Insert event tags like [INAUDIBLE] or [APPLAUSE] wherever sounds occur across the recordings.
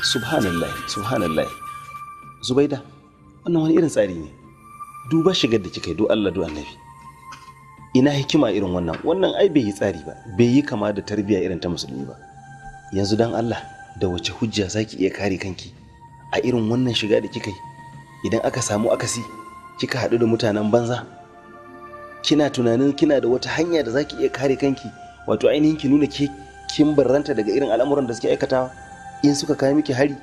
subhanallah subhanallah zubaida wannan wani irin tsari ne duba shigar da kika yi do Allah do annabi ina hikima irin wannan wannan ai bai yi tsari ba bai yi kama da tarbiyya irin ta musulmi ba yanzu dan Allah da wace hujja zaki iya kare kanki a irin wannan shiga da kika yi idan aka samu akasi kika haɗu da mutanen banza kina tunanin kina da wata hanya da zaki iya kare kanki wato ainihin ki nuna ke kin barranta daga irin al'amuran da suke aikatawa in suka kawo miki hari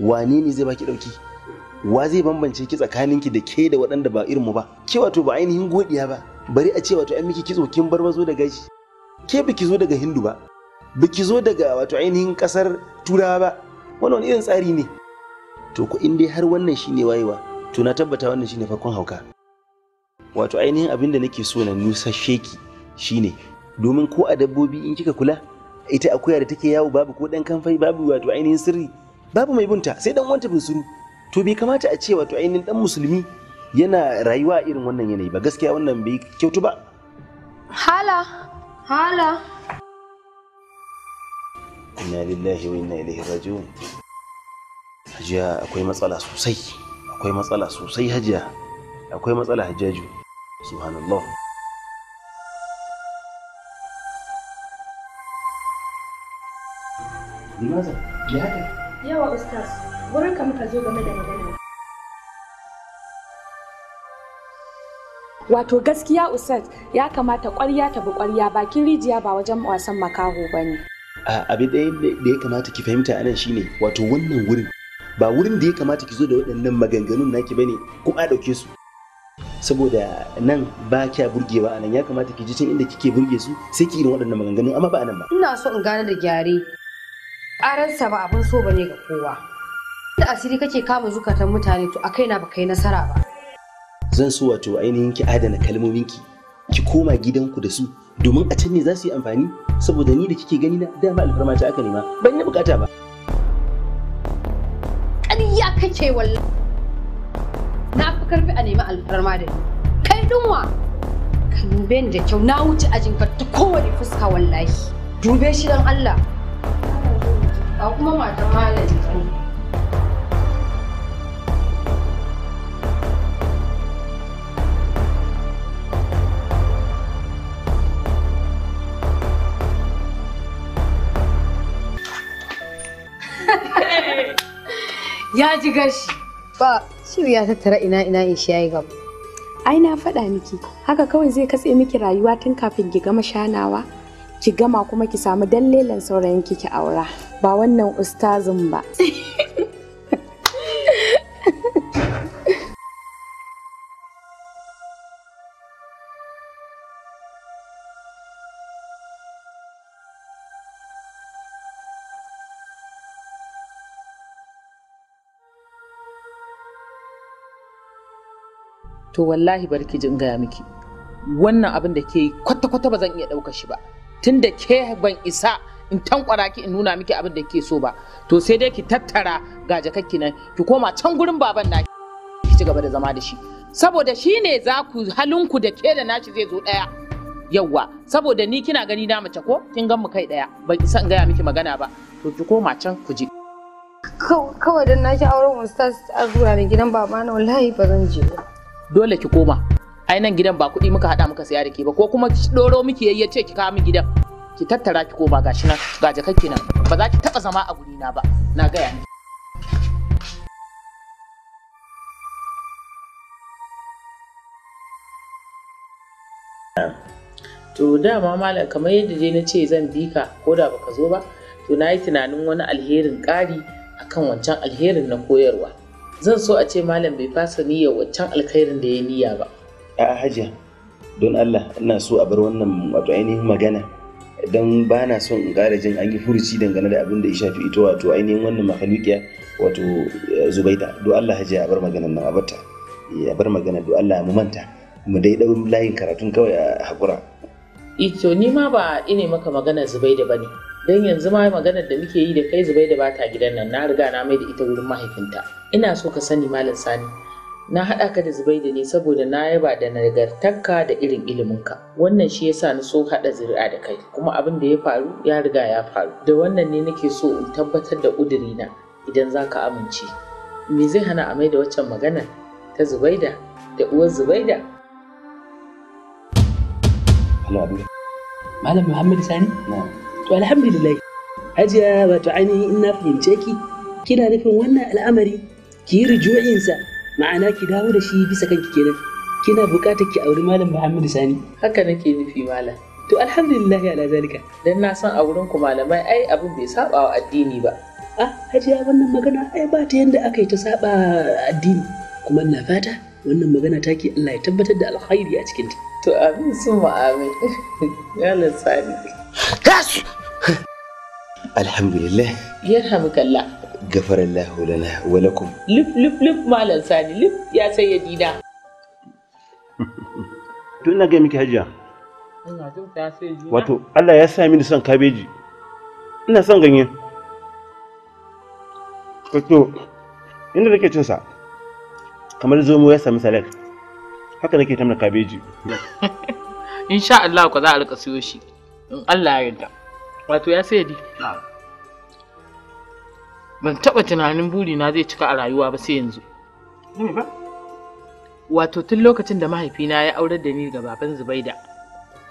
wane ne zai baki dauki wa zai bambance ki tsakaninki da ke da waɗanda ba irinmu ba ke wato ba ainihin godiya ba bari a ce wato an miki kitso kin bar barbazo da gashi ke biki zo daga hindu ba biki zo daga wato ainihin kasar turawa ba wannan irin tsari ne to ku in dai har wannan shine wayewa to na tabbata wannan shine farkon hauka wato ainihin abin da nake so na nusashe ki shine domin ko a dabbobi in kika kula ita akuya da take yawo babu ko dan kamfai babu wato ainihin sirri babu mai bunta sai dan wanta bunsuru to bai kamata a ce wato ainihin dan musulmi yana rayuwa a irin wannan yanayi ba gaskiya wannan bai kyautu ba hala hala inna lillahi wa inna ilaihi raji'un hajiya akwai matsala sosai akwai matsala sosai hajiya akwai matsala hajjaju subhanallah Limaza, ya Yawa Ustaz, wurin ka muka zo game da magana. Wato gaskiya Ustaz ya kamata ƙwarya ta bi ƙwarya bakin rijiya ba wajen wasan makaho ba ne. Abin da ya kamata ki fahimta anan shine wato wannan wurin ba wurin da ya kamata ki zo da waɗannan maganganun naki bane kuma a ɗauke su. saboda nan ba kya burgewa anan ya kamata ki ji can inda kike burge su sai ki irin waɗannan maganganun amma ba anan ba ina so in gane da gyare sa ba abin so bane ga kowa da asiri kake kama zukatan mutane to a kaina ba kai nasara ba zan so wato ainihin ki adana kalmomin ki koma gidanku da su domin a can ne za su yi amfani saboda ni da kike gani na dama alfarma ta aka nema ban yi bukata ba ƙarya kake wallahi na fi karfi a nemi alfarma da ni kai dunwa Kan ben da kyau na wuce ka ta kowane fuska wallahi dube shi dan Allah ga kuma matan malam ya ji gashi. Ba, shiru ya tattara ina ina in shi yayi gaba. Ai na faɗa miki, haka kawai zai katse miki rayuwa tun kafin ki gama shanawa, ki gama kuma ki samu dallelan saurayin ki ki aura. ba wannan ustazin ba to wallahi barki jin gaya miki wannan abin da ke kwata-kwata ba zan iya ɗauka shi ba tun ke ban isa in tankwara ki in nuna miki abin da ke so ba to sai dai ki tattara ga jakakki nan ki koma can gurin baban na ki ci gaba da zama da shi saboda shi ne za ku halinku da ke da nashi zai zo ɗaya yawwa saboda ni kina gani na mace ko kin gan mu kai ɗaya ban isa gaya miki magana ba to ki koma can ku je kawai dan na auren ustaz a zuwa ne gidan baba na wallahi ba zan je dole ki koma ai nan gidan ba kuɗi muka hada muka saya da ke ba ko kuma ki ɗoro miki ce ki kawo min gidan ki tattara ki koma gashi nan ga jakakki nan ba za ki taba zama a guri na ba na gaya miki to dama malam kamar yadda dai na ce zan bi ka ko da baka zo ba to na yi tunanin wani alherin ƙari akan wancan alherin na koyarwa zan so a ce malam bai fasa niyyar wancan alkhairin da ya niyya ba a'a hajiya don Allah ina so a bar wannan wato ainihin magana don ba na son in ƙara jin an yi furuci dangane da abin da ya shafi ita wato ainihin wannan makalukiya wato eh, zubaida do Allah haji a bar maganar nan a ya bar eh, maganar do Allah mu manta mu dai dau layin karatun kawai a hakura. Ito ni ma ba ine maka maganar zubaida ba ne don yanzu ma maganar da muke yi da kai zubaida ba ta gidan nan na riga na mai da ita wurin mahaifinta ina so ka sani malam sani na haɗa ka da da ne saboda na yaba da nagartarka da irin iliminka wannan shi yasa na so haɗa zuri'a da kai kuma abin da ya faru ya riga ya faru da wannan ne nake so in tabbatar da ƙudurina idan za ka amince me zai hana a maida waccan magana ta zubaida da uwar zubaida malam muhammad sani to alhamdulillah hajiya wato ainihin ina fahimce ki kina nufin wannan al'amari ki yi rujuyinsa. ma'ana ki dawo da shi bisa kanki kenan kina bukatar ki auri malam muhammadu Sani haka nake nufi malam to alhamdulillah ala zalika dan na san a wurin ku malamai ai abin bai saba wa addini ba ah hajiya wannan magana ai ba ta yanda aka yi ta saba addini kuma na fata wannan magana ta ke Allah ya tabbatar da alkhairi a cikinta to amin sun amin [LAUGHS] ya lansani gas alhamdulillah yarhamukallah غفر الله لنا ولكم لب لب لب مالن sani lif ya sayyadi na tun na ga miki hajiya wato Allah ya sa mini son kabeji ina son ganye to inda nake cin sa kamar zomo ya sami salad haka nake tamna kabeji [LAUGHS] insha Allah ku za a rika siyo shi in Allah ya yarda wato ya sayyadi na'am ban taɓa tunanin buri na zai cika a rayuwa ba sai yanzu. Wato tun lokacin da mahaifina ya aurar da ni ga baban Zubaida,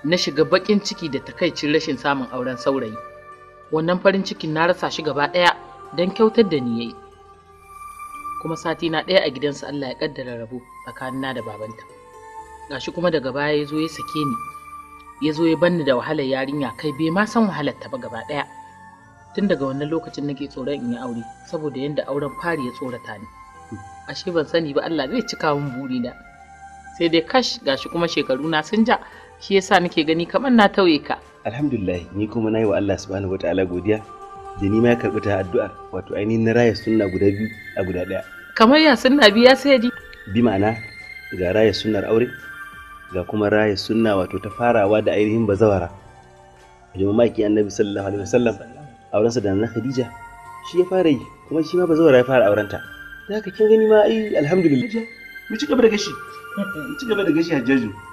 na shiga baƙin ciki da takaicin rashin samun auren saurayi. Wannan farin cikin na rasa shi gaba ɗaya don kyautar da ni yayi. Kuma sati na ɗaya a gidansa Allah ya ƙaddara rabo tsakanina da babanta. Gashi kuma daga baya ya zo ya sake ni, ya zo ya banni da wahalar yarinya kai bai ma san wahalar ta ba gaba ɗaya. tun daga wannan lokacin nake tsoron in yi aure saboda yadda auren fari ya tsorata ni ashe ban sani ba Allah zai cika min da. sai dai kash gashi kuma shekaru na sun ja shi yasa nake gani kamar na tauye ka alhamdulillah ni kuma nayi wa Allah subhanahu wataala godiya da ni ma ya karbi ta addu'a wato ainihin na raya sunna guda biyu a guda daya kamar ya sunna biya sai ji bi ma'ana ga raya sunnar aure ga kuma raya sunna wato ta farawa da ainihin bazawara domin ki annabi sallallahu alaihi wasallam aurensa da na Khadija shi ya fara yi kuma shi ma ba zuwa ya fara aurenta da haka kin gani ma ai alhamdulillah mu ci gaba da gashi mu ci gaba da gashi hajjaju